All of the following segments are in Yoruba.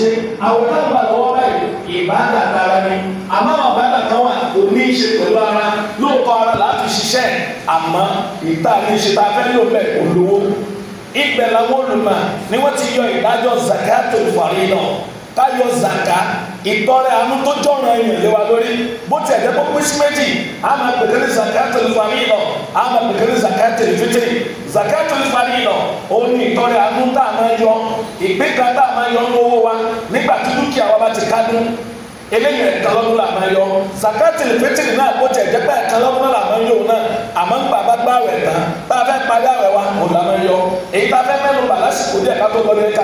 ṣe àwọn táwọn àlọ́wọ́ báyìí ìbáàdà tara ni àmọ́ àwọn àbáàdà kan wà kò ní í ṣe pẹ̀lú ara lóòótọ́ ara láti ṣiṣẹ́ àmọ́ ìta ní ṣe ta fẹ́ lò bẹ́ẹ̀ kò lówó ìgbẹ̀lá ni wọ́n ti yọ ìdájọ́ zakato fàrí náà ká yọ zaka ìtọrẹ àánú tó jọ̀ràn ẹ̀yìn lé wa lórí bó ti ẹ̀jẹ̀ tó pín sí méjì a máa pèké ní zakat olùfaríyìnà a máa pèké ní zakat olùfitiri zakat olùfaríyìnà òun ni ìtọrẹ àánú tá a máa yọ ìpín kan tá a máa yọ ní owó wa nígbà tí dúkìá wa bá ti kádùn eléyìí ẹ̀ka lọ́dún là máa yọ náà bó ti ẹ̀jẹ̀ pé ẹ̀ka lọ́dún là náà àmọ́ nígbà bá gbá àwẹ̀ tán bá a fẹ́ parí àwẹ̀ wa òun là máa yọ èyí tá a fẹ́ mẹ́nu bà lásìkò díẹ̀ ká tó lọ ní ẹ̀ka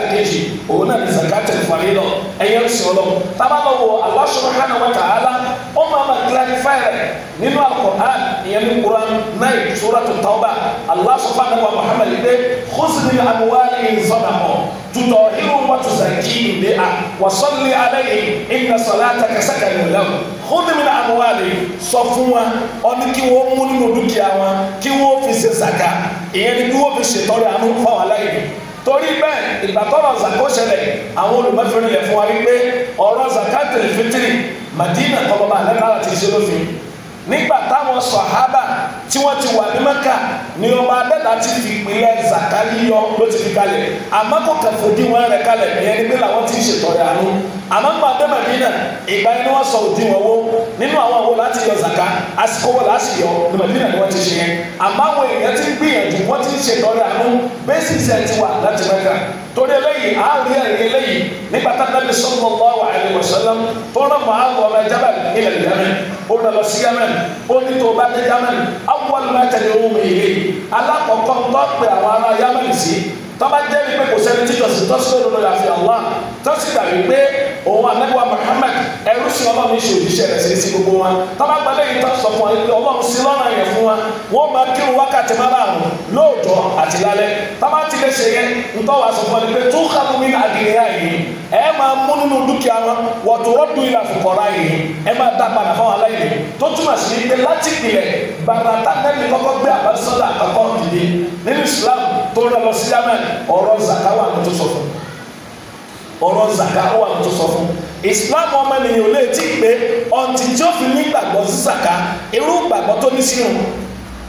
òun náà ní zakati fàlẹ́ lọ ẹ̀yẹ ń sìn ọlọ́ tábà lọ wọ Allah subhanahu wa ta'ala ó máa ma clarify rẹ̀ nínú al-Qur'an ìyẹn ní Qur'an náà Suratu Tawbah Allah subhanahu wa Muhammad dé khuzmi amwalihim sadaqa tutahhiruhum wa tuzakkihim biha wa salli alayhim inna salataka sakanun lahum kúndìmínà àmúwálì sọ fún wa ọ kí wọ́n mú nínú dúkìá wọn kí wọ́n fi ṣe sàkà ìyẹn ni kí wọ́n fi ṣètọ́rẹ àánú fáwọn aláìní torí bẹ́ẹ̀ ìgbà tọ́rọ̀ zàkó ṣẹlẹ̀ àwọn olùmọ̀fẹ́rẹ́ lẹ̀ fún wa wípé ọ̀rọ̀ zakatul fitiri madina tọ́lọ́ba àlẹ́kára ti ṣe lófin nígbà táwọn sọ̀hábà tí wọ́n ti wà ní mẹ́kà ni ọba adẹ́ta ti fi ìpínlẹ̀ zaka yíyọ ló ti fi kalẹ̀ àmọ́ kò kẹfọ́ dín wọn rẹ̀ kalẹ̀ ìyẹn ni pé làwọn ti ń ṣètọ́rẹ̀ àmọ́ nípa dé Mẹdínà ìgbà yẹn ni wọ́n sọ òdi wọn wo nínú àwọn àwọn láti yọ zaka àsìkò wọn láti yọ ní Mẹdínà ni wọ́n ti ṣe yẹn àmọ́ àwọn èèyàn ti gbìyànjú wọ́n ti ṣe lọ́rẹ̀ àánú bẹ́sì ṣe ti wà láti Mẹ́kà torí eléyìí àárín ẹ̀rí eléyìí nígbà tá Ànábì sallallahu alaihi wasallam tó rán mọ́ àwọn ọmọ ẹja bá ilẹ̀ Yaman ó nà lọ sí Yaman ó ní tó bá dé Yaman awwal àwọn ará Yaman sí tọ́ba òun anabiwa Muhammad ẹrú sí Ọlọ́run ní sòdì sẹrẹ sí sí gbogbo wa tábà gbalẹ yìí tó sọ fún wa Ọlọ́run sí lọ́nà yẹn fún wa wọn máa kírun wákàtí máa bá àrùn lóòjọ́ àti lálẹ́ tábà ti lè ṣe yẹn ntọ́ wa sọ fún wa ni pé tún kàlù mí àdìrẹ́ yìí ẹ máa mú nínú dúkìá wọn wọ́tò rọ́dù ìlà fòkọ̀rọ̀ yìí ẹ máa dá padà fáwọn aláìní tó túmọ̀ sí pé láti ìpìlẹ̀ bàbá tánẹ́ẹ̀mì Islam tó rẹ lọ sí yamani ọ̀rọ̀ zaka ó wà tó sọ fún islam ọmọ ènìyàn lè tí pé ọtí tí ó fi ní gbàgbọ́ sí zaka irú gbàgbọ́ tó ní sírun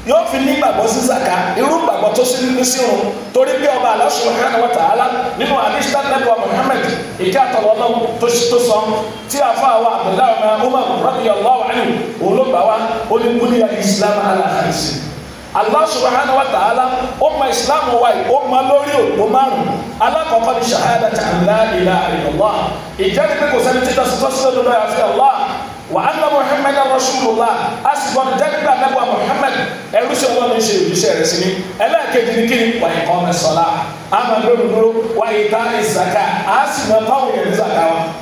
yóò fi ní gbàgbọ́ sí zaka irú gbàgbọ́ tó ní sírun torí pé ọba Allah subhanahu wa ta'ala nínú àdéhùn nàbẹ̀wá Muhammad ìdí àtọ̀wọ́ náà tó ṣe tó sọ tí a fọ àwọn Abdullahi ọmọ Umar radiyallahu anhu òun ló gbà wá ó ní kúlíyà islam aláhàrísì Allah subhanahu wa ta'ala ó ma islam wa yìí ó ma lórí òpó márùn alákọ̀ọ́kọ́ ni shahadati an la ilaha illallah ìjẹ́ni pé kò sẹ́ni títà sọ́sọ́ lọ́dọ̀ àfi Allah wa anna muhammadan rasulullah a sì gbọ́dọ̀ jẹ́ nígbà mẹ́wàá muhammad ẹ̀rú sí ọlọ́run ṣe ìrìṣẹ́ rẹ̀ sí ni ẹlẹ́ẹ̀kejì ni kíni wà ìkọ́ mẹ́sọ̀lá àmàlónúdúró wà ìta ìsàkà a sì mọ̀ báwọn yẹn ní wa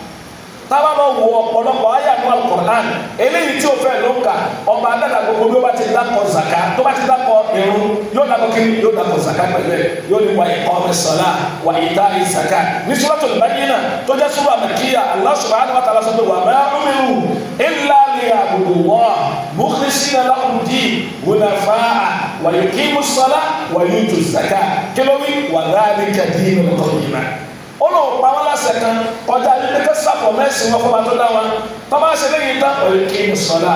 táwa lọ wo ọ̀pọ̀lọpọ̀ ayé àdúrà kọ̀ọ̀án eléyìí tí o fẹ́ ló ń kà ọba adára gbogbo bí ó bá ti dákọ̀ zaka tó bá ti dákọ̀ irun yóò dákọ̀ kiri yóò dákọ̀ zaka pẹ̀lú ẹ̀ yóò ní wàyí ọ̀rẹ́ sọ̀lá wàyí tá a zaka ní Suratul Bayyina tó jẹ́ sura Makkiyya Allah subhanahu wa ta'ala sọ pé wà á máa ń mú illa liya'budu Allah mukhlisina lahud-din hunafa'a wa yuqimu as-salata wa yu'tu az-zakata kí ló wí wà láàrin kàdí ìlú ọ̀gbìn náà ọlọ́ pàwọn lásẹ̀ kan ọjà nílé kẹsà pọ̀ mẹ́sìn wọn fọba tó dá wa tọ́ba ṣe léyìn tán ọ̀rẹ́ kí n sọ̀lá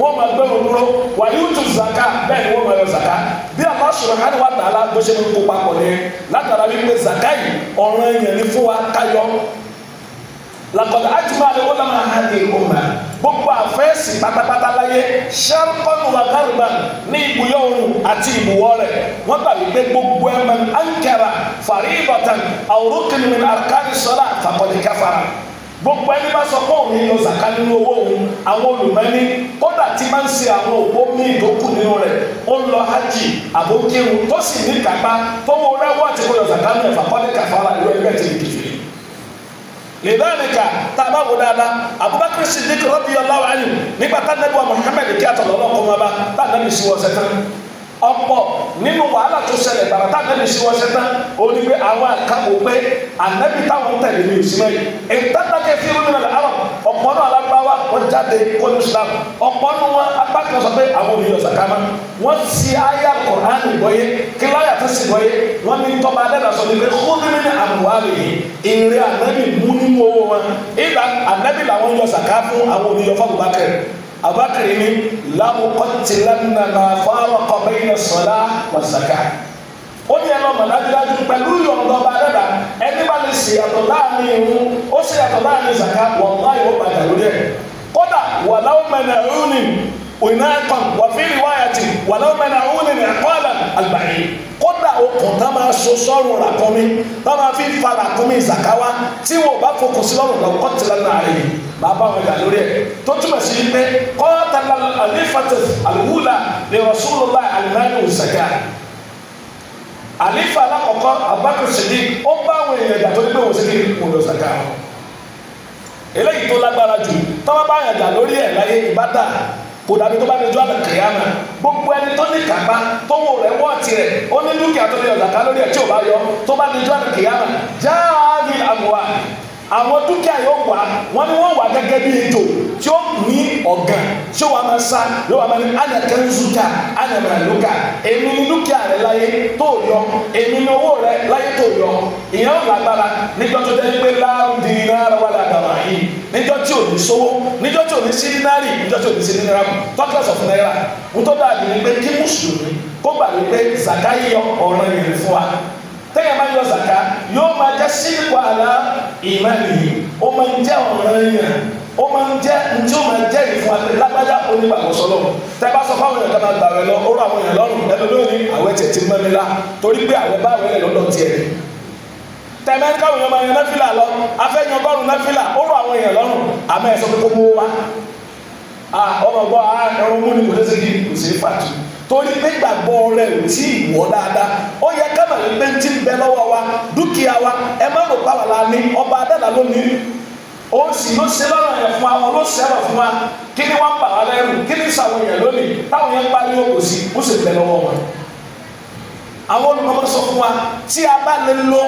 wọ́n máa gbẹ́ wọn dúró wà yóò tún zaka bẹ́ẹ̀ ni wọ́n máa yọ zaka bí a máa sọ̀rọ̀ hàn wá tààlà gbọ́sẹ̀ mi kó papọ̀ ní látara wípé zaka yìí ọ̀ràn yẹn ni fún wa káyọ̀ lakọ̀dà àjùmọ̀ àlẹ́ wọ́n lọ́mọ àhàdì ọ̀mà gbogbo àfẹ́sì pátápátá láyé ṣẹ́ńkọ́nù àgàrùbà ní ibùyọ̀ òun àti ibùwọ̀ rẹ̀ wọ́n gbà wípé gbogbo ẹ̀mọ ankara fàrí ìbọ̀tàn àwòrán kìnìún àrùkárì sọ́lá àtàkọ̀dì káfàrà gbogbo ẹni bá sọ pé òun yìí lọ zàká nínú owó òun àwọn olùmọ́ni kódà tí máa ń ṣe àwọn òpó míì tó kù nínú rẹ̀ ó lọ hajj àbókéwu tó sì ní kápá tó wọ rẹ́wọ́ àti kó lọ zàká nínú ẹ̀fà pọ́lì kàfàrà ìwé ẹgbẹ́ ti kìfì lidhalika tàbá wò dáadáa abubakar siddiq radiyallahu anhu nígbà tá nàbí wa muhammed kí àtọ̀lọ́ ọlọ́kọ̀ máa bá tá nàbí sí wọ́sẹ̀ tán ọ̀pọ̀ nínú wàhálà tó ṣẹlẹ̀ gbàrà tá nàbí sí wọ́sẹ̀ tán ó ní pé àwọn àkàwọ̀ pé ànábì táwọn tẹ̀lé ní ìsúná yìí ìtàkàkẹ́ fírúnmìnà àrọ̀ ọ̀pọ̀ náà alágbáwá wọ́n jáde kónú islam ọ̀pọ̀ nu wọn apákan sọ pé àwọn òbí ọ̀sán kama wọ́n ti aya koran gbọ́yé kíláyà tó sì gbọ́yé wọ́n ní tọ́ba adẹ́nà sọ níbi kúndínlẹ́ ní àmúhárì ìrì ànábì mú nínú owó wọn ìgbà ànábì làwọn yọ sàká fún àwọn òbí ọ̀fọ̀ bùbákẹ́rì abakiri ni ní ẹ lọ mọ dájúdájú ṣèyàtọ̀ láàrin irun ó ṣèyàtọ̀ láàrin zaka wàláyé ó bàjẹ́ lórí ẹ̀ kódà wàláwó mẹ́nà rúnì ìnáàkàn wàfíìrì wáyàtì wàláwó mẹ́nà rúnì ẹ̀kọ́lá àgbáyé kódà okùn tá máa so sọ́run ràkúnmí tá máa fi fa ràkúnmí zaka wa tí wọn bá fokùn sí lọ́rùn lọ́kọ́ tìlẹ̀ náà rẹ̀ yìí bàbá wọn gà lórí ẹ tó túmọ̀ sí pé kọ́ńtà alifatu alwula lè rasulullah alimami òsàkà àlefa alakọkọ abakosidi ó bá àwọn èèyàn ìjà tó ní pé wọ́n ṣe kí wọ́n lọ sàkà eléyìí tó lágbára jù tọ́wọ́ bá àyàjà lórí ẹ̀ láyé ìbádà kò dàbí tó bá ní ojú àlẹ kìyàmà gbogbo ẹni tó ní kápá tó wò rẹ wọ́ tirẹ̀ ó ní dúkìá tó ní ọ̀dàká lórí ẹ̀ tí ò bá yọ tó bá ní ojú àlẹ kìyàmà jáàbí àmúwa àwọn dúkìá yóò wà wọn ni wọn wà gẹ́gẹ́ bí ejò tí ó ní ọ̀gàn tí ó wà máa sá ló wà máa ní anakẹ́nzuka anamẹ́lúkà èmi ni dúkìá rẹ láyé tó yọ èmi ni owó rẹ láyé tó yọ ìyẹn ò lágbára níjọ́ tó dẹ́ni pé láàrúndì ní náírà wà lágbára yìí níjọ́ tí ò ní sówó níjọ́ tí ò ní sí dínárì níjọ́ tí ò ní sí dínárà tọ́kẹ́ sọ̀fún náírà mo tó dàbí ni pé kí mùsùlùmí kó gbà wípé zakayi ọ̀ràn yẹn fún tẹ́yà máa yọ zaka yóò máa jẹ́ síríkù àlá ìmánìyí ó máa ń jẹ́ ọ̀ràn yẹn ó máa ń jẹ́ ntí ó máa jẹ́ ìfún àti lágbájá onígbàgbọ́sọ́lọ́ tẹ́bá sọ fáwọn èèyàn tó máa gbàwẹ̀ lọ ó rọ àwọn èèyàn lọ́rùn ẹgbẹ́ lónìí àwẹ̀ tẹ̀ ti mẹ́mi la torí pé àwẹ̀ bá àwẹ̀ lọ́dọ̀ tiẹ̀ tẹ̀mẹ́ ń káwọn èèyàn máa yan náfìlà lọ afẹ́yàn ọgọ́rùn náfìlà ó rọ àwọn èèyàn lọ́rùn torí pé gbàgbọ́ rẹ̀ ò tí ì wọ́ dáadáa ó yẹ kámà lè pé tí ń bẹ lọ́wọ́ wa dúkìá wa ẹ má lò pa wà láàánú ọba adàlà lónìí ó sì ló ṣe lọ́rọ̀ yẹn fún wa wọn ló ṣẹlọ̀ fún wa kí ni wọ́n bà wá lẹ́rù kí ni sàwọn yẹn lónìí táwọn yẹn pariwo kò sí ó sì bẹ lọ́wọ́ wọn. àwọn olùkọ́ sọ fún wa tí a bá lè lo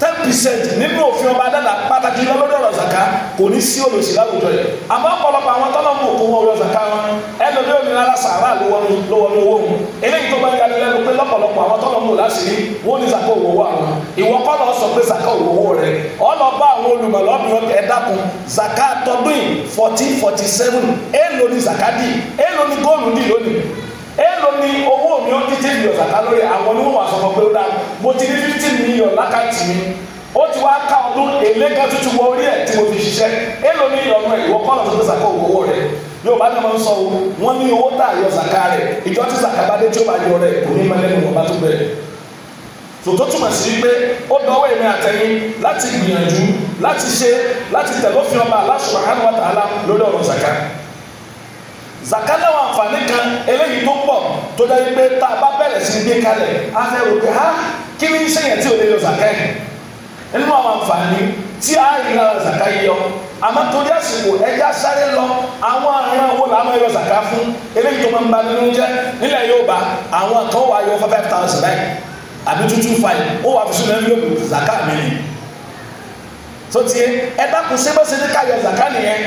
ten percent nínú òfin ọba adàlà di lọ́dọ̀ ọ̀rọ̀ kò ní sí olùsí láwùjọ yẹn àmọ́ ọ̀pọ̀lọpọ̀ àwọn tọ́lọ́ mú òkú wọn ọ̀rọ̀ wọn ẹnu bí omi rárá sàrà lówó ní owó mu eléyìí tó bá yà lẹ́nu pé lọ́pọ̀lọpọ̀ àwọn tọ́lọ́ mú láṣìírí wọn ní zaka òwòwò àwọn ìwọ kọ́ lọ sọ pé zaka òwòwò rẹ ọlọ́ba àwọn olùmọ̀lọ́bìnrin ẹ̀dàkùn ni zaka dì èèlò ni góòlù dì lónìí èèlò lórí àwọn oníwọ̀n àsọ̀kọ̀ pé ó dá mo ti ní fifteen million lákàtì mi ó ti wá ká ọdún èlé kan tuntun wọ orí ẹ̀ tí mo fi ṣiṣẹ́ èlò ní ìyọnu ẹ̀ ìwọ kọ́nà tó fi sàkó owó rẹ̀ yóò bá ní ma ń sọ o wọ́n ní owó tá a yọ sàká rẹ̀ ìjọ tí sàká bá dé tí ó bá yọ rẹ̀ kò ní máa lẹ́nu wọn bá tó bẹ̀rẹ̀ tòótọ́ túmọ̀ sí pé ó dọwọ́ èmi àtẹ̀yìn láti gbìyànjú láti ṣe láti tẹ̀lófin ọba Allah subhanahu wa ta'ala lórí ọ̀rọ̀ sàká zaka náà àǹfààní kan eléyìí tó pọ̀ tó dá yí pé tá a bá bẹ̀rẹ̀ sí gbé kalẹ̀ afẹ́rò pé ha kí ni sẹ́yìn tí ò lè yọ zaka yìí nínú àwọn àǹfààní tí a yìí ra zaka yíyọ àmọ́ torí àsìkò ẹja sáré lọ àwọn àrùn wo làwọn ẹyọ zaka fún eléyìí tó máa ń ba nínú jẹ nílẹ̀ Yorùbá àwọn kan wà yọ five thousand báyìí àbí two two five ó wà fún ẹni yóò zaka mi ni tó tiẹ̀ ẹ dákun sẹ́gbẹ́sẹ́ ní ká yọ zaka nìyẹn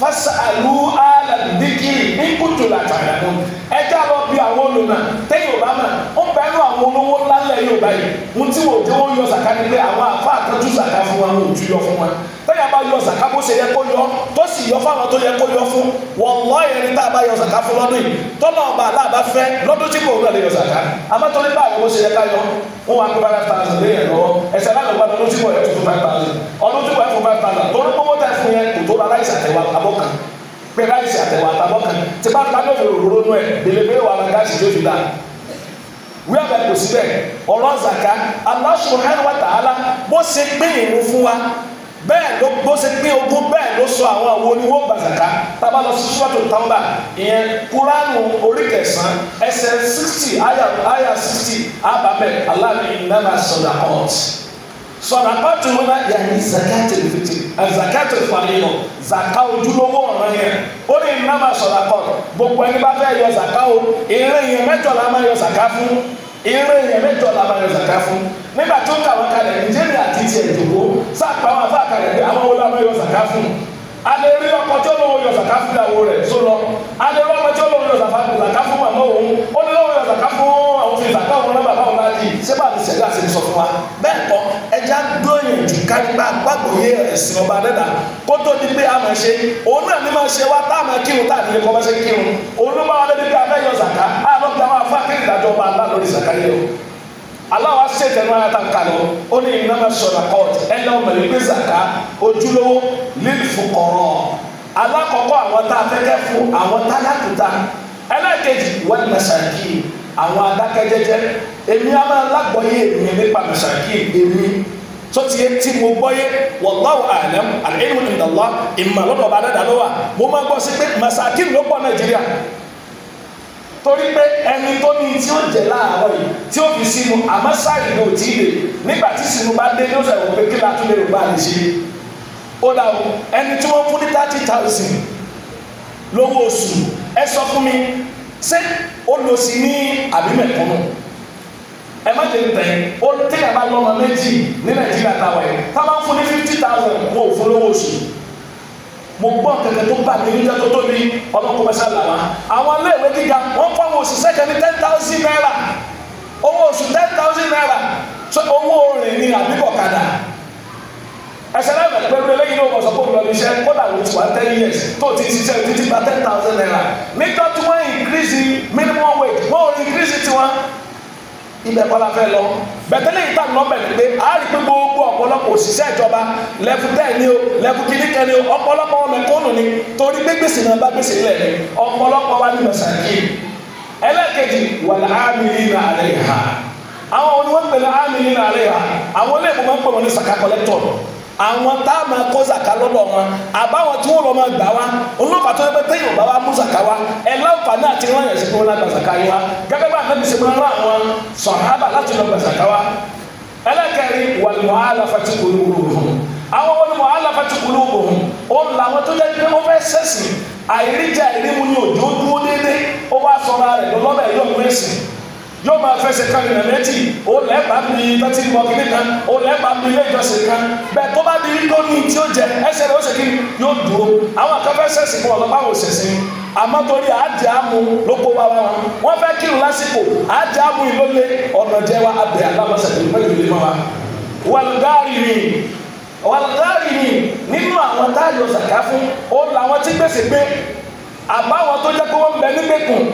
fasalu aladikiri ní kutu làtàlà mú ẹjẹ àlọ bí àwọn olùmọ tẹyìn ọba mà ó bẹ nù àwọn olówó ńlá ńlẹ yóò báyìí mo ti wò ó jẹ wọn yọ sàkà àwọn àfa àtọjú sàkà ò ju yọ fún wa tẹ́yà bá yọ zaka bó ṣe yẹ kó yọ tó sì yọ fáwọn tó yẹ kó yọ fún wallahi ẹni tá a bá yọ zaka fún lọ́dún yìí tọ́lọ̀ ọba aláàbá fẹ́ lọ́dún tí kò wúlò lè yọ zaka amátọ́lé bá àwọn bó ṣe yẹ ká yọ wọn wá gbé five thousand lé yẹn lọ́wọ́ ẹsẹ̀ láti gba lọ́dún tí kò yẹ tuntun five thousand ọdún tí kò yẹ fún five thousand torí gbogbo tá a fún yẹn kò tó ra láìsí àtẹwà abọ́kan pé láìsí àtẹwà àtàbọ̀kan tí bá ń dáná òfin òróró nú ẹ̀ délébéré wà láńgáṣì kò síbẹ̀ ọ̀rọ̀ zaka Allah subhanahu wa ta'ala bó ṣe gbé ìrún fún wa bẹ́ẹ̀ ló bó ṣe pín ogún bẹ́ẹ̀ ló sọ àwọn àwọn oníwó gbàzàká tábà lọ sí ṣúwàtò tàǹbà ìyẹn kuranu orí kẹsàn-án ẹsẹ̀ sixty àyà àyà sixty àbábẹ̀ aláàbí nàbà sọ̀dà ọ̀t sọ̀dà pàtó wọn yà ní zakati fìtì zakati fàlẹ́yìn zaka ojúlówó ọ̀ràn yẹn ó ní nàbà sọ̀dà ọ̀t gbogbo ẹni bá fẹ́ yọ zaka o ìrìn yẹn mẹ́jọ la máa yọ zaka fún ìrìn yẹn mẹ́jọ la máa yọ zaka fún nígbà tó kàwé kalẹ̀ níjẹ́rìí àti tiẹ̀ dògbò Sakawa wọn àfáàkà rẹ̀ pé àwọn olóòwò yọ sàká fún a lè rí ọkọ tí olóòwò yọ sàká fún ìyàwó rẹ̀ só lọ a lè rí ọkọ tí olóòwò yọ sàká fún àmọ́ òun ó ní lọ́wọ́ yọ sàká fún àwọn fi sàká òun náà bàbá òun náà yìí ṣé bá mi ṣẹ̀dá ṣe sọ fún wa bẹ́ẹ̀ kọ́ ẹja gbóyèjì kárígbá gbàgbóyè ẹ̀sìn ọba dẹ́dà kó tó di pé a máa ṣe òun náà ní máa ṣe wá tá a máa kírun tá a nílé kọ́ máa ṣe kírun òun ló máa wá lórí pé a fẹ́ yọ sàká á lọ́ aláwa ṣe tẹnu ara ta nǹkan lọ ó ní ìnáwó sọ̀rọ̀ court ẹ̀dá ọmọlẹ̀ gbé zaka ojúlówó lílùfù kọ̀rọ̀ alákọ̀ọ́kọ́ àwọn tá a fẹ́kẹ́ fún àwọn tálákùtà ẹlẹ́kejì wọ́n mẹsàkì àwọn adákẹ́jẹ́jẹ́ èmi á máa lágbọ́yé èmi nípa mẹsàkì èmi tó ti yé tí mo gbọ́yé wallahu a'lam al-ilmu inda Allah ìmọ̀ lọ́dọ̀ ọba dáadáa ló wà mo máa gbọ́ sí pé mẹsàkì ló pọ̀ Nàìjíríà torí pé ẹni tó ní tí ó jẹ láàárọ̀ yìí tí ó fi sínú àmọ́ sáàyè ló tí ì lè nígbà tí sínú bá dé yóò sọ̀rọ̀ pé kí la tún lè rò bá lè ṣe ó dà o ẹni tí wọ́n fún ní thirty thousand lówó oṣù ẹ sọ fún mi ṣé ó lọ sí ní àbí ẹ má jẹ tẹ ó téèyàn bá lọ́mọ méjì ní nàìjíríà táwọn yìí táwọn fún ní fifty thousand wọ́n ò fún lówó oṣù mo gbọ́ kẹ̀kẹ́ tó bá mi níjẹ́ tó tó ní ọlọ́kùn mẹ́sà làwọn àwọn iléèwé gíga wọ́n fún àwọn òṣìṣẹ́ kan ten thousand naira owó oṣù ten thousand naira tó owó rìn ní àbíkọ̀ kadà ẹsẹ̀ náà bẹ̀rẹ̀ pẹ̀lú eléyìí ní ọmọ sọ́kò lọ níṣẹ́ kódà ló ti wá ten years tó ti ṣiṣẹ́ títí gba ten thousand naira nígbà tí wọ́n increase minimum wage wọ́n increase tiwọn ibẹ̀ kọ́ la fẹ́ lọ bẹ̀tẹ́lẹ̀ yìí tàbí nọ́mbẹ̀ pé a rí pé gbogbo ọ̀pọ̀lọpọ̀ òṣìṣẹ́ ìjọba lẹ́fù tẹ́ẹ̀ ni o lẹ́fù kìíní kan ni o ọ̀pọ̀lọpọ̀ wọn mẹ́kọ́nù ni torí pé gbèsè náà bá gbèsè nílẹ̀ ni ọ̀pọ̀lọpọ̀ wa ní mẹ̀sàkì ẹlẹ́kẹ̀jì wà láàmìlì nàárẹ̀ ha àwọn oníwọ̀n pẹ̀lú àmìlì nàárẹ̀ ha àwọn olóògùn máa ń pè wọn ní sàkà kọ́lẹ́tọ̀ àwọn tá a máa kó zaka lọ́dọ̀ wọn àbáwọn tí wọ́n lọ máa gbà wá olùfà tó yẹ pé téèyàn bá wá mú zaka wá ẹ láǹfààní àti wọn yẹn sí pé wọn lá gba zaka yìí wá gẹ́gẹ́ bá àbẹ́bí ṣe máa ń rán àwọn sọ̀hábà láti lọ gba zaka wá ẹlẹ́kẹ̀rin wàlúwà aláfàtì olúwo àwọn wàlúwà aláfàtì olúwo òun làwọn tó yẹ pé wọ́n fẹ́ sẹ́sìn àìríjà ìrímu ni òjò dúró déédéé ó wá sọ yóò máa fẹsẹ̀ kan ìrìn lẹ́tì ó lẹ́ẹ̀bà mi tọ́tí ìwọ kìíní kan ó lẹ́ẹ̀bà mi ilé ìjọsìn kan bẹ́ẹ̀ tó bá di lónìí tí ó jẹ ẹsẹ̀ rẹ̀ ó ṣe kí yóò dúró àwọn akẹ́fẹ́ sẹ̀sì fún ọlọ́pàá àwọn òṣèṣin àmọ́ torí àjẹ́ àmú lóko wa wa wọ́n fẹ́ kírun lásìkò àjẹ́ àmú ìlólè ọ̀nà jẹ́ wa abẹ́ alábọ̀sẹ̀ wàlúùdárì ni nínú àwọn táyọ̀ sàkáfún ó làwọn tí gbèsè gbé àbáwọn tó jẹ́ kó wọ́n bẹ nígbèkùn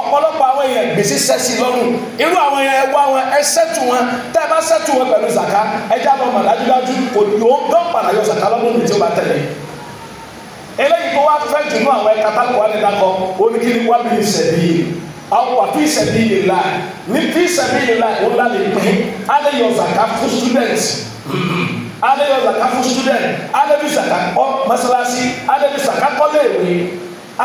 ọ̀pọ̀lọpọ̀ àwọn èèyàn gbèsè sẹ́sì lọ́rùn irú àwọn èèyàn ẹ̀wọ́ àwọn ẹ̀sẹ̀tù wọn tẹ́ ẹ bá sẹ́tù wọn pẹ̀lú zaka ẹja lọ mọ̀ dájúdájú kò ní o dán padà yọ zaka lọ́dún ní tí o bá tẹ̀lé eléyìí tó wá fẹ́ jù ní àwọn ẹ̀ka tákù wà nígbà kan oníkiri wà bí ìṣẹ̀bí àwọn wà fi ìṣẹ̀bí yìí la ní fi ìṣẹ̀bí la ó lá lè pín alẹ́ yọ zaka fún student, alẹ́ yọ zaka fún student, alẹ́ bí zaka kọ́ mọ́sálásí alẹ́ bí zaka kọ́ léèwé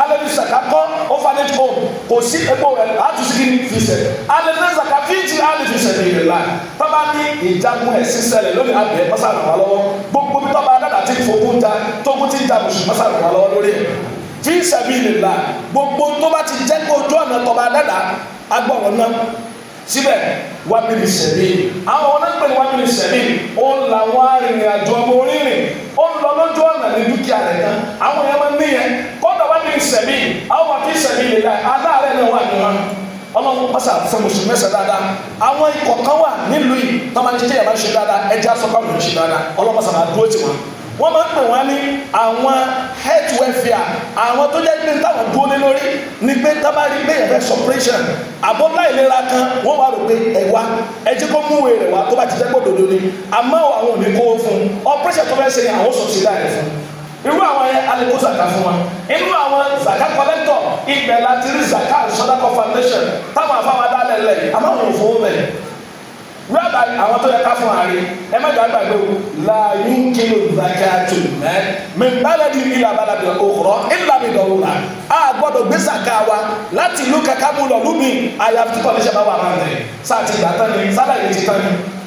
alẹ́bi saka kọ́ orphanage home kò sí epo rẹ̀ láti sí kíni fi sẹ̀ alẹ́bi saka fíjì alẹ́bi sẹ̀lẹ̀ yẹn la tọ́ba ní ìjagun ẹ̀sìn sẹ̀lẹ̀ lórí abẹ́ mọ́sá ràn wá lọ́wọ́ gbogbo bí tọ́ba adáda ti fòkú ta tókun ti ń ta mùsùlùmí mọ́sá ràn wá lọ́wọ́ lórí ẹ̀ fi sẹ̀bi lè la gbogbo tọ́ba ti jẹ́ kó ojú ọ̀nà tọ́ba adáda agbọ̀rọ̀ náà síbẹ̀ wábìlì sẹ̀mí àwọn onípẹ̀lú wábìlì sẹ̀mí ó ń la wọn arìnrìn àjò ọmọ orírin ó ń lọ lójú ọ̀nà ní dúkìá rẹ̀ kan àwọn yẹn máa ń níyẹn yìí báyìí aláàárẹ̀ náà wà nínú wọn ọlọ́run pàṣẹ àfẹ́ mùsùlùmí ẹsẹ̀ dáadáa àwọn ikọ̀ kan wà nílùú yìí tó máa ń jẹjẹ yàrá ṣe dáadáa ẹja sọ́kà ló ń ṣe dáadáa ọlọ́run pàṣẹ máa dúró tiwọn wọ́n máa ń pè wọ́n ní àwọn health welfare àwọn tó jẹ́ pé táwọn dúró lé lórí ni pé tábàrí pé ẹ̀fẹ́ suppression àbọ̀lá ìlera kan wọ́n wá rò pé ẹ̀ wá ẹ jẹ́ kó múwèé rẹ̀ wá tó bá ti jẹ́ pé ni àmọ́ àwọn ò ní kó fún operation tó ni àwọn sọ̀tì láì irú àwọn yẹn alẹ́ kó zaka fún wa irú àwọn zaka collector ibẹ̀ láti rí zaka sọ́dákọ̀ foundation táwọn afáwọn adálẹ̀ lẹ̀ àmọ́ àwọn òfò bẹ̀ rẹ́bà àwọn tó yẹ ká fún ààrẹ ẹ má dàgbà gbé o láàyè ń kí ló zaka tó ẹ mẹ́tàlẹ́ di ilà balàbí òkúrọ́ ilà mi dọ̀wọ́ la a gbọ́dọ̀ gbé zaka wa láti ìlú kaka mú lọ lómi àyàfi kọ́ni ṣẹ́ bá wà láǹdẹ̀ sáà ti gbà tán ni sábà yìí ti tán ni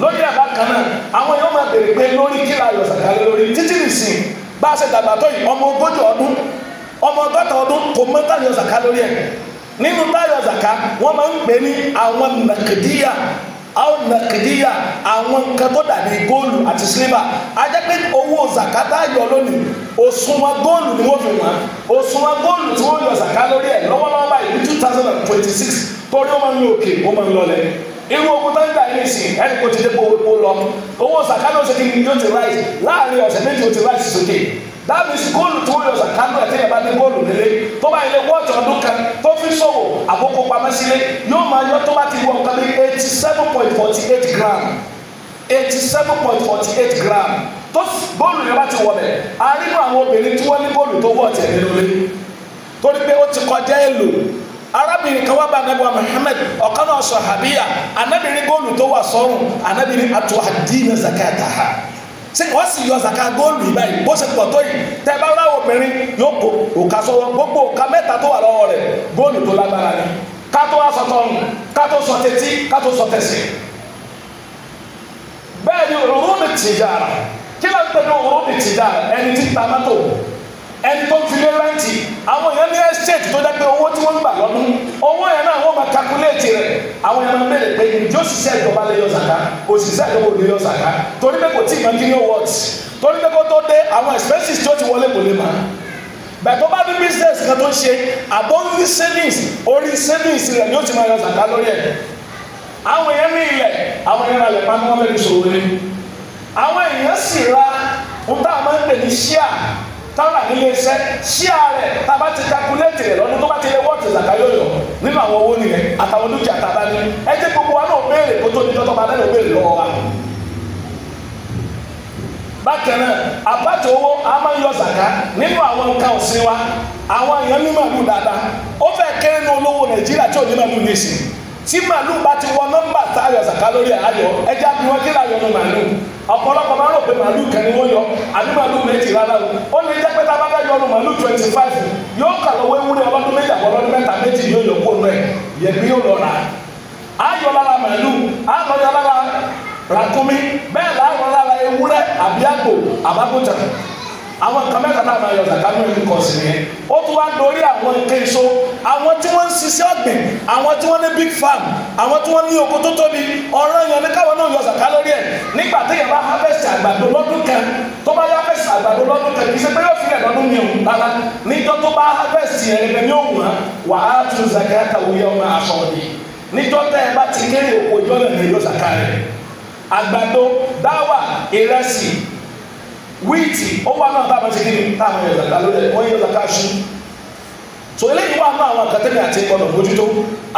lórí àbá kan náà àwọn èèyàn máa bèrè pé lórí kí la yọ sàkà lórí títí nìsín bá a ṣe dàgbà tó yìí ọmọ ogójì ọdún ọmọ ọgọ́ta ọdún kò mọ táyọ sàkà lórí ẹ̀ nínú táyọ sàkà wọ́n máa ń pè ní àwọn nàkìdíyà àwọn nàkìdíyà àwọn nǹkan tó dàbí góòlù àti sílíbà ajẹ́ pé owó sàkà táyọ lónìí òṣùwọ̀n góòlù ni wọ́n fi wọ́n òṣùwọ̀n góòlù tí wọ́n yọ sàkà lórí ẹ̀ lọ́wọ́lọ́wọ́ báyìí ní two thousand and twenty six torí ó máa ń lọ òkè ó máa ń lọ lẹ́yìn irú ogun tó ń gbà ní ìsìn ẹni kò ti dé gbogbo epo lọ owó sàkánù ọ̀sẹ̀ kí ni yóò ti ráìsì láàrin ọ̀sẹ̀ méjì ó ti ráìsì sókè that means góòlù tí wọ́n yọ sàkánù ẹ̀ tẹ́yẹ̀ bá dé góòlù nílé tó bá ilé wọ́ọ̀tì ọdún kan tó fi ṣòwò àkókò pamọ́ sílé yóò máa yọ tó bá ti wọ nǹkan bí eighty seven point forty eight gram eighty seven point forty eight gram tó góòlù yẹn bá ti wọ̀ bẹ̀ arínú àwọn obìnrin tí wọ́n ní góòlù tó wọ̀ tẹ̀ nínú ilé torí pé ó ti kọjá èlò arábìnrin kan wá bá anabi wa muhammed ọ̀kan náà sọ habiya anabi ní góòlù tó wà sọ́run anabi ní atu adina zakata ha Se wọ́n sì yọ zaka góòlù yìí báyìí bó ṣe pọ̀ tó yìí tẹ́ bá ráwọ̀ obìnrin yóò kó òkà sọ́wọ́ gbogbo òkà mẹ́ta tó wà lọ́wọ́ rẹ̀ góòlù tó lágbára ni kátó wá sọtọ́ ọ̀hún kátó sọ tẹ́tí kátó sọ tẹ́sí bẹ́ẹ̀ ni òrùn mi tìjára kí ló ń pè ní òrùn mi tìjára ẹni tí tamátò ẹni tó fi lé rẹ́ǹtì àwọn èèyàn ní estate tó dẹ́gbẹ́ owó tí wọ́n gbà lọ́dún owó yẹn náà wọ́n máa calculate rẹ̀ àwọn èèyàn máa bẹ̀rẹ̀ pé ǹjẹ́ òṣìṣẹ́ ìjọba lè yọ sàká òṣìṣẹ́ ìjọba ò lè yọ sàká torí pé kò tí ì máa dín ní wọ́t torí pé kó tó dé àwọn expenses tí ó ti wọlé kò lè máa bẹ̀tọ́ bá ní business kan tó ń ṣe àbọ̀ ní savings orí savings rẹ̀ ni ó ti máa yọ sàká lórí ẹ̀ àwọn èèyàn ní ilẹ̀ àwọn èèyàn ralẹ̀ pàmò wọn fẹ́ẹ́ fi ṣòwò ni àwọn èèyàn sì ra ohun tá a máa ń pè ní share tára nílé iṣẹ́ ṣíà a tába ti kakuléètì rẹ̀ lọ́dún tó bá ti lé wọ́ọ̀tì zàkáyọ̀yọ̀ nínú àwọn owó nìyẹn àtàwọn dúkìá tàbá ní ẹ jẹ́ gbogbo wa náà béèrè kó tó ní tọ́tọ́ bá wa. bákan náà àbájọ owó a máa ń yọ zàká nínú àwọn nǹkan ọ̀sìn wa àwọn èèyàn dáadáa ó fẹ́ kéré ní tí màlúù bá ti wọ nọ́mbà tá a yọ sàká lórí àyọ ẹja bí wọn kíra yọ ní màlúù ọ̀pọ̀lọpọ̀ máa ń rò pé màlúù kan ni wọ́n yọ àbí màlúù méjì rárá o ó lè jẹ́ pé tá bá fẹ́ màlúù twenty five yóò kà lọ́wọ́ ewúrẹ́ ọlọ́dún méjì àbọ̀ ọlọ́dún mẹ́ta méjì yóò yọ kó nù ẹ̀ yẹ̀bi yóò lọ rà ayọ̀ lára màlúù ayọ̀ lára ràkúnmí bẹ́ẹ̀ lára ewúrẹ́ àbí àgbò àbágùntàn àwọn kan mẹ́ta náà máa yọ zaka ní ìlú kan sí nìyẹn ó tún wá dorí àwọn késo àwọn tí wọ́n ń ṣiṣẹ́ ọ̀gbìn àwọn tí wọ́n ní big farm àwọn tí wọ́n ní oko tó tóbi ọ̀rọ̀ yẹn ní káwọn náà yọ zaka lórí ẹ̀ nígbà tí yẹn bá harvest àgbàdo lọ́dún kan tó bá yọ harvest àgbàdo lọ́dún kan kì í ṣe pé yóò fi ẹ̀ lọ́dún mi ò rárá níjọ́ tó bá harvest yẹn rẹ̀ ní òun hàn wà á tún zaka kàwé yọ ọmọ aṣọ òdì níjọ́ tẹ́ ẹ bá ti kéré òkò ìjọ́ wíìtì ó wà náà táwọn ti kiri táwọn yẹn zaka lórí ẹ̀ wọ́n yẹn zaka ṣu so eléyìí wà náà àwọn akatẹ́mi àti ìkọlọ̀ bójútó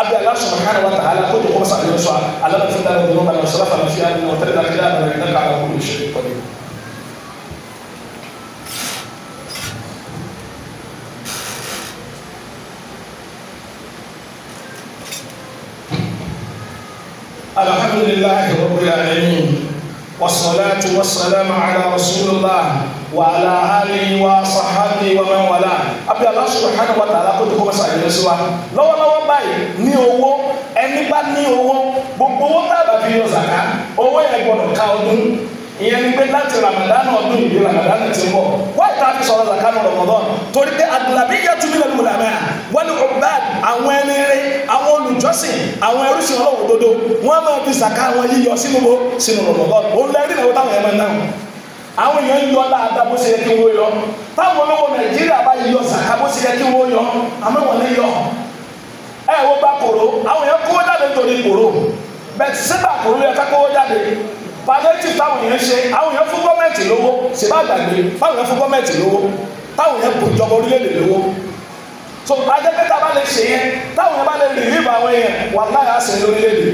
abu aláṣọ mọ̀kánà wa tàhálà kó tó kọ́mọ́sá àti lọ́sọ̀ alábàtí dára ní ọmọ àlọ́ sọ́lá fàlàfíà àti ọmọ tẹ́lẹ̀ àti dára ní ọmọ àlọ́ kó lè ṣe ìkọlẹ̀. alhamdulilayi rabbil alamin. والصلاة والسلام على رسول الله وعلى آله وصحبه ومن والاه àbí Allah subhanahu wa ta'ala kó tó kó masa ìrìn sí wa lọ́wọ́lọ́wọ́ báyìí ní owó ẹni bá ní owó gbogbo owó tá a bá fi yọ zàká owó yẹn gbọdọ̀ ká ọdún ìyẹn ni pé láti Ramadan ọdún yìí Ramadan ti ń bọ̀ ta fi sọ̀rọ̀ zàká ní Ramadan torí pé àdùlábí yẹn tún bí wọ́n ọ̀bá àwọn ẹni rẹ àwọn olùjọ́sìn àwọn ẹrúsìn ọlọ́run òdodo wọ́n máa fi sàká wọn yíyọ sínú bo sínú rọ̀mọ̀lọ́ òun lẹ́rí náà táwọn ẹ̀ máa ń náà àwọn èèyàn yọ dáadáa bó ṣe yẹ kí wọ́n yọ táwọn olówó nàìjíríà bá yọ sàká bó ṣe yẹ kí wọ́n yọ àmọ́ wọn lè yọ ẹ wo gba kòró àwọn èèyàn kówó jáde torí kòró bẹ́ẹ̀ sígbà kòró yẹ ká jáde pàdétì táwọn èèyàn ṣe àwọn èèyàn fún gọ́ọ̀mẹ̀ntì so ajẹ́pẹ́ tá a bá lè ṣe yẹn táwọn yẹn bá lè rìlíìfù àwọn yẹn wà láyà á sìn lórílẹ̀-èdè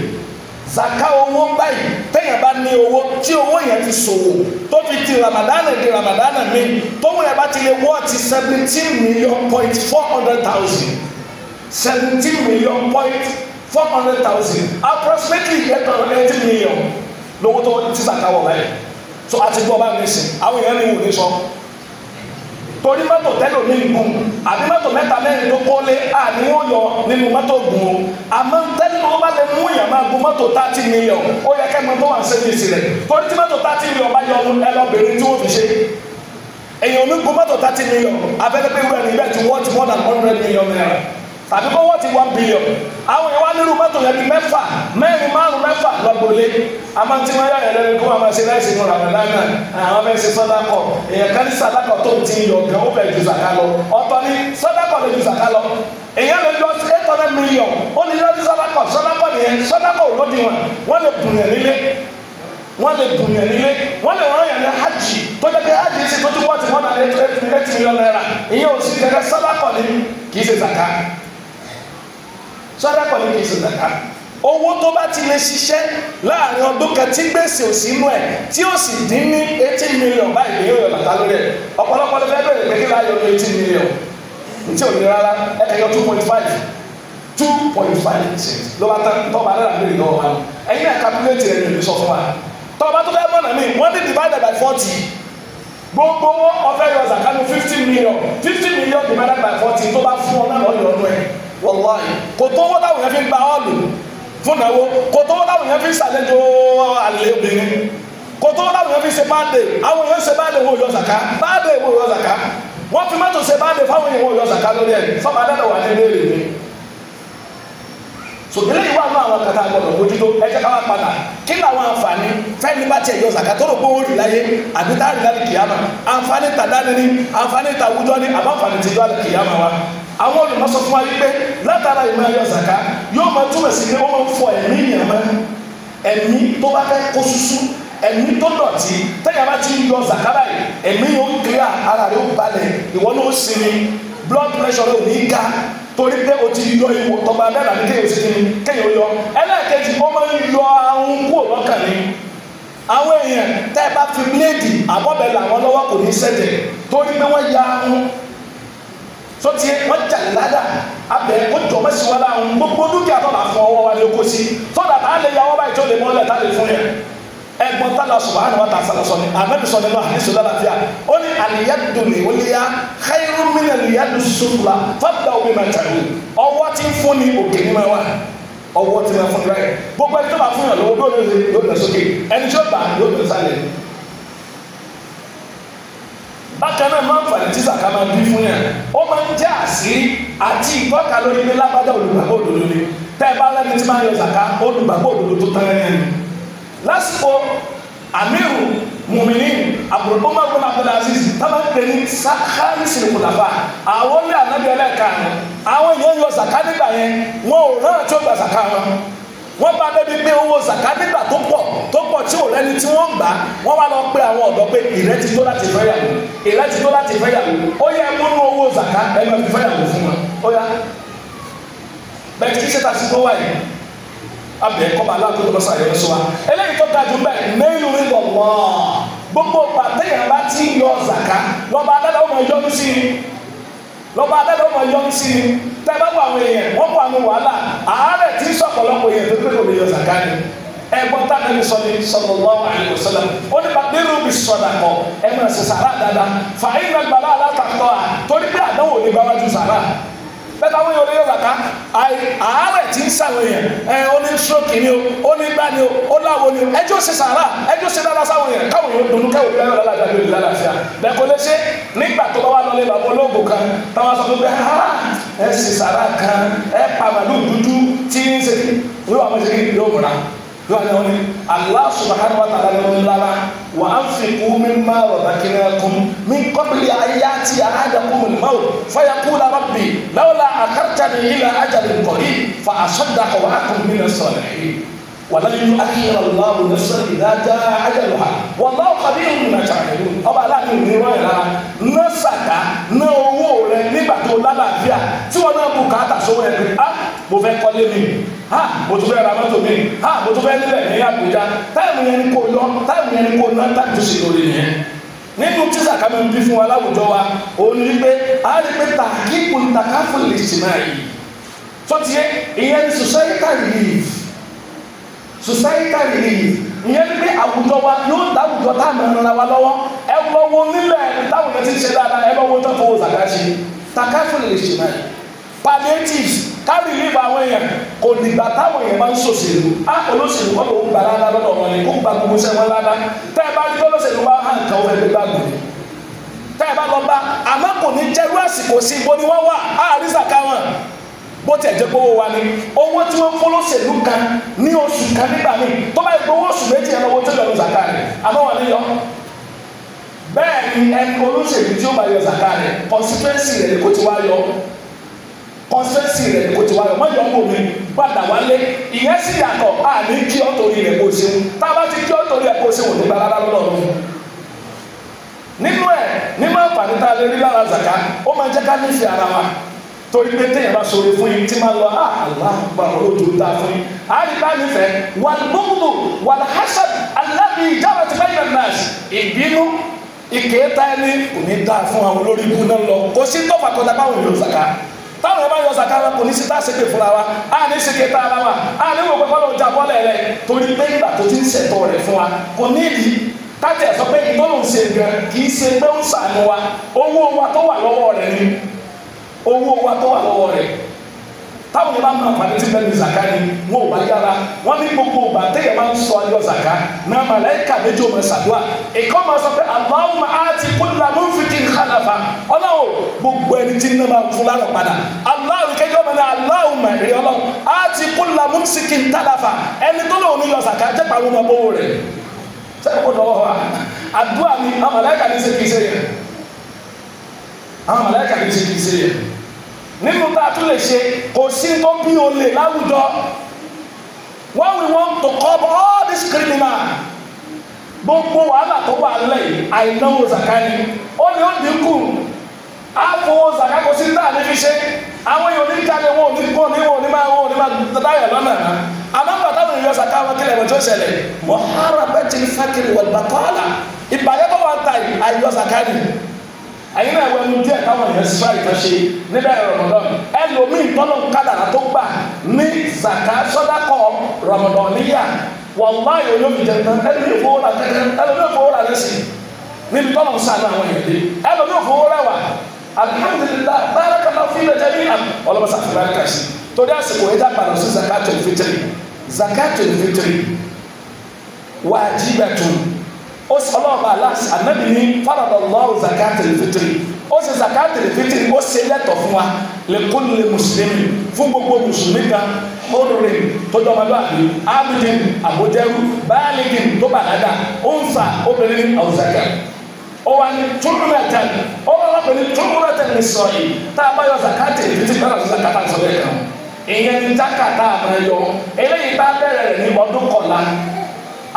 zaka owó báyìí téèyàn bá ní owó tí owó yẹn ti ṣòwò tó fi ti Ramadan di Ramadan mi tówó yẹn bá ti lè wọ́ ti seventeen million point four hundred thousand seventeen million point four hundred thousand approximately eight hundred eighty million lówó tó ti zaka wọ̀ báyìí so àti gbọ́ báyìí nìsín àwọn èèyàn ní wò ní sọ torí mọ́tò tẹ́lẹ̀ ní gùn àbí mọ́tò mẹ́ta mẹ́rin tó kọ́lé àní wọ́n yọ nínú mọ́tò gùn o àmọ́ tẹ́lẹ̀ wọ́n bá lè mú ìyàn máa gun mọ́tò thirty million ó yẹ kẹ́mi tó wà ń sẹ́yìn sílẹ̀ torí tí mọ́tò thirty million bá yọ ẹ lọ bèrè tí wọ́n fi ṣe èèyàn mi gun mọ́tò thirty million abẹ́lẹ́pẹ́ ìwé ẹ̀rí bẹ́ẹ̀ ti wọ́ọ̀tì more than hundred million naira tàbí kó wọ́n ti one billion àwọn èèyàn wá nírú mọ́tò yẹn bí mẹ́fà mẹ́rin márùn mẹ́fà lọ́gbọ̀lé àmọ́ tí wọ́n yá yẹn lẹ́nu kí wọ́n máa ṣe láìsí inú ràmẹ́ lánàá àwọn fẹ́ẹ́ ṣe sọ́dákọ̀ èèyàn kan ní sọ́dákọ̀ tó ti yọ̀ ọ̀gá ó bẹ̀ ju sàká lọ ọ̀tọ̀ ni sọ́dákọ̀ lè ju sàká lọ èèyàn lè lọ sí eight hundred million ó ní lọ́dún sọ́dákọ̀ sọ́dákọ̀ nìyẹn sọ́dákọ̀ ò lóde wọn wọ́n lè bùnyàn nílé wọ́n lè bùnyàn nílé wọ́n lè wọ́n yàn ní hajj tó jẹ́ pé hajj ṣe tó tún wọ́n ti wọ́n náà eight million naira ìyẹn ò sí kẹ́kẹ́ sọ́dákọ̀ ni kì í ṣe sàká sọ́dá pẹ̀lú kì í ṣe zaka owó tó bá ti lè ṣiṣẹ́ láàrin ọdún kan tí gbèsè ò sí inú ẹ̀ tí ó sì dín ní eighteen million báyìí ní yóò bàtà lórí ẹ̀ ọ̀pọ̀lọpọ̀ ló fẹ́ bẹ̀rẹ̀ pé kí láyọ̀ ní eighteen million ntí ò ní rárá ẹ̀ kẹ́yọ̀ two point five two point five percent ló bá tán tọ́ba náírà lórí lọ́wọ́ wa ẹ̀yin náà calculate rẹ̀ lè sọ fún wa tọ́ba tó fẹ́ mọ̀nà mi wọ́n ní divided by forty gbogbo ọfẹ́ yọ zakanu fifty million fifty million divided by forty tó bá fún ọ náà lọ́yọ̀ọ́dún wọláì kò tó wọ́n táwọn yẹn fi ń ba ọ́ọ̀lù fún ìnáwó kò tó wọ́n táwọn yẹn fi ń ṣàlejò àlè obìnrin kò tó wọ́n táwọn yẹn fi ń ṣe báàdè àwọn yẹn ń ṣe báàdè wọn ò yọ zàká báàdè wọn ò yọ zàká wọ́n fi mọ́tò ṣe báàdè fáwọn yẹn wọn ò yọ zàká lórí ẹ̀ sọ́mà adáná wà ní rẹ̀ mi sòtìlẹ yìí wà ní àwọn kata gbọ́dọ̀ mójútó ẹ jẹ́ ká padà kí ni àwọn àǹfààní fẹni bá tiẹ̀ àwọn olùmọ̀sọ fún wa wípé látara ìmọ̀ ayọ̀ zaka yóò máa túmọ̀ sí pé ó máa ń fọ ẹ̀mí yẹn mọ́ ẹ̀mí tó bá fẹ́ kó susu ẹ̀mí tó dọ̀tí tẹ́yà bá ti yọ zaka báyìí ẹ̀mí yóò kíra ara rẹ̀ ó balẹ̀ ìwọ náà ó sinmi blood pressure rẹ̀ ò ní ga torí pé o ti yọ ìwò tọba náírà ní kéèyàn sí kéèyàn yọ ẹlẹ́ẹ̀kejì ó máa ń yọ ahun kúrò lọ́kàn ni àwọn èèyàn tẹ́ bá fi bíléèdì àbọ̀bẹ̀ làwọn lọ́wọ́ kò ní sẹ́jẹ̀ torí pé wọ́n ya ahun sọtí yẹ wọn jà nílada abẹ wọn jọ mẹsì wọn làwọn gbogbo dúkìá tó la fún ọwọ́ wa lè kó sí sọdà tá a lè yà wọn báyìí tó lè mọ ọlẹ tá a lè fún yẹ ẹ̀gbọ́n tala subahana wa taasa la sọni anabi sọni lọ ani sọlá lafiya ó ní aliyadu ni wọléya xayiru mi na aliyadu sufula fada omi ma tẹlu ọwọ́ ti fún ni òkè ni ma wa ọwọ́ ti ma fún ni rẹ gbogbo ẹni tó bá fún yàn lọ́wọ́ lónìí lónìí sókè ẹni tí ó bá lónìí sálẹ̀ bákan náà máa ń fàlẹ̀ tí sàkà máa bí fún yàn ó máa ń jẹ́ àṣírí àti ìtọ́ka lórí ilé lágbájá olùgbàgbọ́ òdodo ni tẹ́ ẹ bá lẹ́ni tí máa ń yọ sàkà olùgbàgbọ́ òdodo tó tán yẹn ni. lásìkò amiru mùmíní abdulkumar bin abdulaziz tábà ń pè ní sakari sinimulafa àwọn ilé ànábìọ́lẹ̀ kan àwọn èèyàn yọ sàkà nígbà yẹn wọn ò rán àti ó gbà sàkà wọn wọ́n bá débi pé owó zaka nígbà tó pọ̀ tó pọ̀ tí ò rẹ́ni tí wọ́n gbà wọ́n wá lọ pé àwọn ọ̀dọ́ pé ìrẹ́ ti tó láti fẹ́yàwó ìrẹ́ ti tó láti fẹ́yàwó ó yẹ múnú owó zaka ẹgbẹ́ fi fẹ́yàwó fún wa ó yá bẹ́ẹ̀ kí sẹ́ta sí tó wà yìí abẹ́ kọ́ba aláàbò tó lọ sàyẹ̀ lọ́sọ wa eléyìí tó dájú bẹ́ẹ̀ mẹ́rin rí lọ wọ́ gbogbo pàtẹ́yìn ti lọ́ba adájọ́ ọmọ ìjọ́ sí sí tẹ́ bá wà àwọn wọ́n kọ́ àwọn wàhálà àárẹ̀ tí ọ̀pọ̀lọpọ̀ yẹn tó gbẹ́kọ̀ mi yọ zaka ni ẹ gbọ́ táwọn ẹni sọ ni sallallahu alaihi wasallam ó ní bá nínú mi sọ̀dà kọ ẹ máa ṣe sàrà dáadáa fà á yìí gbàgbà alátakọ̀ à torí pé àdánwò ní bá ju sàrà bẹ́ẹ̀ táwọn yóò lè yọ zaka àárẹ̀ tí ń sàwọn yẹn ẹ ó ní stroke ni o ó ní gbá ni o ó láwo ni o ẹ jọ ṣe sàrà ẹ jọ ṣe dáadáa sáwọn yẹn káwọn yóò dunu káwọn yóò lọ lálàáfíà lórí lálàáfíà bẹ́ẹ̀ kò lè ṣe nígbà tó bá wà lọ lé bàbá olóògùn kan táwọn sọ pé ẹ ṣe sàrà kan tí ń ṣe kí ló wà mọ́ṣẹ́ kí ló múra ló wà lọ́wọ́ ni Allah subhanahu wa ta'ala ló ń lára wa anfiqu mimma razaqnakum min qabli an ya'tiya ahadakumul mawt fayaqula rabbi lawla akhartani ila ajalin qarib fa asaddaqa wa akun minas salihin ولن يؤخر الله نفسا اذا جاء اجلها والله خبير بما تعملون ọba aláàbí ìrìnnà ìlà ná sàkà ná owó rẹ nígbà tó lálàáfíà tí wọn náà bù káàtà sówó ẹgbẹ á mo fẹ́ kọ́lé mi ha mo tún fẹ́ ra mọ́tò mi ha mo tún fẹ́ nílẹ̀ ní Àbújá táìmù yẹn ni kò lọ táìmù yẹn ni kò ná táìmù tó ṣe lórí yẹn nínú tí sàkámi ń bí fún wa láwùjọ wa òun ni pé a rí pé tàkíkù tàkáfù lè sì máa yìí sọtìyẹ ìyẹn ni societal relief societal relief ìyẹn ni pé àwùjọ wa yóò dá àwùjọ tá a mẹ́rin ra wa lọ́wọ́ ẹ lọ wo nílẹ̀ táwọn ẹ̀ ti ṣe dáadáa ẹ lọ wo tó fowó sàkáṣe tàkáfù lè sì máa yìí palliatives kárí yìí bá àwọn èèyàn kò dìgbà táwọn èèyàn máa ń ṣòṣèlú á olóṣèlú wọn lòún gbà ládá lọ́dọ̀ wọn ni kó gba gbogbo sẹ́wọ́n ládá tẹ́ ẹ bá ní olóṣèlú bá hàn kàn wọ́n fẹ́ gbà gbòdì tẹ́ ẹ bá lọ bá àmọ́ kò ní jẹ́rú àsìkò sí ibo ni wọ́n wà á àrísàká wọn bó tiẹ̀ jẹ́ gbowó wa ni owó tí wọ́n fọ́ lóṣèlú kan ní oṣù kan nígbà míì tó bá gbowó oṣù méjì ẹ̀ lọ́wọ́ tó lọ kọ́nsẹ́sì rẹ̀ kò ti wá lọ mọ́jọ́ mọ́ mi padà wálé ìyẹn sì yàtọ̀ àní kí ọ̀tòrí rẹ̀ kò sí tá a bá ti kí ọ̀tòrí rẹ̀ kò sí wò ní gbàgbà lọ́dọ̀ nínú ẹ̀ nínú àǹfààní tá a lè rí lára zaka ó máa jẹ́ ká nífẹ̀ẹ́ ara wa torí pé téèyàn bá sọ̀rọ̀ fún yín tí máa lọ ah aláàbà olójú ta fún yín àríkà nífẹ̀ẹ́ wàlúùmù wàlúhásàd alábì ìjábọ̀ ti bẹ́ẹ̀ nàásì ìbínú ìkéta ẹni kò ní dáa fún àwọn olórí ibú lọ kò sí tó fàkọ́tà táwọn bá yọ sàkà wọn kò ní sí tásìkè fúnra wa á ní sèké tá a la wa á ní wò pẹ́pẹ́ lọ́jà bọ́lẹ̀ rẹ torí pé ìgbà tó ti ń ṣẹ̀tọ̀ rẹ̀ fún wa kò ní ìdí kájà sọ pé ìtọ́lùn ṣe gan kì í ṣe pé ń wa owó wa tó wà lọ́wọ́ rẹ̀ ni owó wa tó wà lọ́wọ́ rẹ̀ táwọn yẹn bá máa pàdé tí bẹ́ẹ̀ ni zaka ni wọn ò bá yára wọn ní gbogbo ìgbà téèyàn máa ń sọ ayọ̀ zaka náà màláìka méjì òun ṣàdúrà èkó máa sọ pé Allahumma àti kúlà ló ń fi kí n kálàfà ọlọ́wọ́ gbogbo ẹni tí iná máa fún lára padà aláwọ̀ kẹjọ máa ní Allahumma rí ọlọ́wọ́ àti kúlà ló ń sì kí n tálàfà ẹni tó lóun ní yọ zaka jẹ́ pàrọ̀ ọmọ bọ́wọ́ rẹ̀ sẹ́kọ̀ọ́ nínú tá a tún lè ṣe kò sí tó bí olè láwùjọ when we want to cover all these criminal gbogbo wàhálà tó wà lẹ́yìn àìnáwó zakani ó ní ó dínkù àfọwọ́ zakako sí tá a lè fi ṣe àwọn èèyàn oníjàre wọn ò ní kó ní wọn ò ní máa wọn ò ní máa dáyà lọ́nà náà àmọ́ táwọn èèyàn ṣàkà wọn kílẹ̀ wọn tó ṣẹlẹ̀ mọ́ hara bẹ́ẹ̀ ti ní fákìrì wọ̀lùbàkọ́ àlà ìbàjẹ́ tó wà ń ta àìyọ zakani ẹ̀yin náà wẹ̀nu díẹ̀ káwọn yẹn sọ ìtọ́ ṣe níbẹ̀ rọmọdọ́n ẹlòmíì tọ́nà kádàrà tó gbà ní zaka sọ́dákọ̀ rọmọdọ́n níyà wàláyé olómi jẹ nǹkan ẹlòmíì fowó rà kẹkẹ ẹlòmíì fowó rà lẹ́sìn níbi tọ́nà sàánú àwọn yẹn dé ẹlòmíì fowó rà wà alihamdulilayi baarakala fi lajɛ ni a ɔlɔmɔsa fi barika si to de ase ko ɛda kpana so zakatul fitiri zakatul fitiri waajibɛtun ó sì ọlọ́ọ̀bà aláṣẹ ànábì ní fáradà lọ́rù zakatìlì fitiri ó sì zakatìlì fitiri ó sì lẹ́tọ̀ fún wa lẹ́kún lè mùsùlùmí fún gbogbo mùsùlùmí kan hónúrin tó dọ́mọdọ́ àbí ábùdín àbójẹ́rú báyálégin tó bàdàdà ó ń fa obìnrin àwùzàkà ó wà ní túnúmẹ̀tẹ̀ ó wà lọ́pẹ̀lú túnúmẹ̀tẹ̀ ní sọ̀yì tá a bá yọ zakatìlì fitiri náà lọ́sọ̀ zakatà sọ̀rọ̀ ẹ̀ kan ìyẹn ní jákàtà àmọ́ ẹ̀yọ eléyìí bá bẹ̀rẹ̀ ní ọdún kọ̀ọ̀la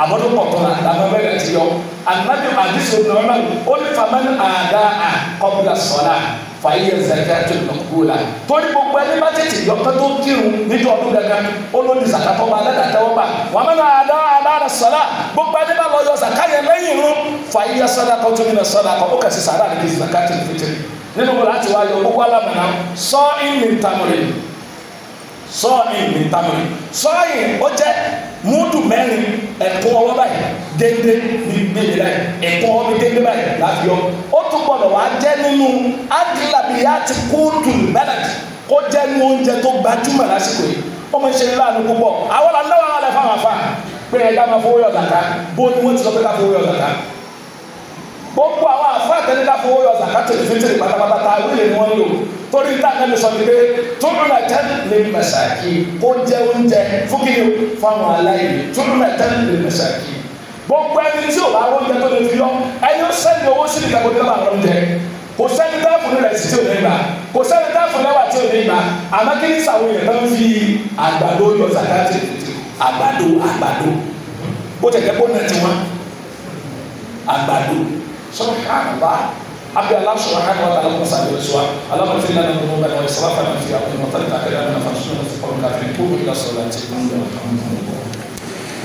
àbọ̀dún kọ̀ọ̀kan àtàwọn bẹ̀rẹ̀ ti yọ anabi adiso nọọma ó ní fama ní àdá à kọ́bùlà sọ́lá fàyè zẹ̀kẹ́ tó nà kú la torí gbogbo ẹni bá tètè yọ kótó kírun níjọ ọdún gẹ́gẹ́ ó ló ní zakatọ́ bá aládàtẹ́wọ́ bá wà mí ní àdá àdá rẹ̀ sọ́lá gbogbo ẹni bá lọ yọ zakayẹ lẹ́yìn irun fàyè sọ́lá kọ́tó mi nà sọ́lá kọ́ ó kẹsì sàrà ní kẹsì zakatì fitiri nínú wọn láti wá yọ gbogbo alámọ̀nà sọ́ọ̀ìn ní ntamiri sọ́ọ̀ìn ní ntamiri sọ́ọ̀ìn ó jẹ́ múdù mẹ́rin ẹ̀kọ́ ọwọ́ báyìí déndé ní gbèdé báyìí ẹ̀kọ́ ọwọ́ bíi déndé báyìí láti yọ ó tún gbọdọ̀ wá jẹ́ nínú adìlàbíyá ti kúndù mẹ́lẹ̀dì kó jẹ́ nínú oúnjẹ tó gbajúmọ̀ lásìkò yìí ó máa ń ṣe láàánú púpọ̀ àwọn làǹdà wà lálẹ́ fáwọn afá pé ẹ̀dá máa fowó yọ̀ zàká bó ni wọ́n ti sọ pé ká fowó yọ̀ zàká gbogbo àwọn àfáà tẹ́lẹ̀ ká fowó yọ zakati fitiri pátápátá tá a wí lè wọ́n yòó torí níta kẹ́mi sọ pé túnúnà tẹ́ lè mẹ̀sàkì kó jẹ oúnjẹ fúkìlì fáwọn aláìní túnúnà tẹ́ lè mẹ̀sàkì gbogbo ẹni tí o bá oúnjẹ tó lè fi yọ ẹni ó sẹ́ni owó sí ìdàgbò tó bá oúnjẹ kò sẹ́ni táàfù ní rẹ̀sì tí ò ní gbà kò sẹ́ni táàfù lẹ́wà tí ò ní gbà àmọ́ kí ní sàwọn èèyàn náà fi Subhanallah. Abi Allah subhanahu wa ta'ala masalah Yosua Allah mafir lana dhunuban wa israfana fi amrina wa tariqa kalamana farshuna fi qawmin kafirin qumu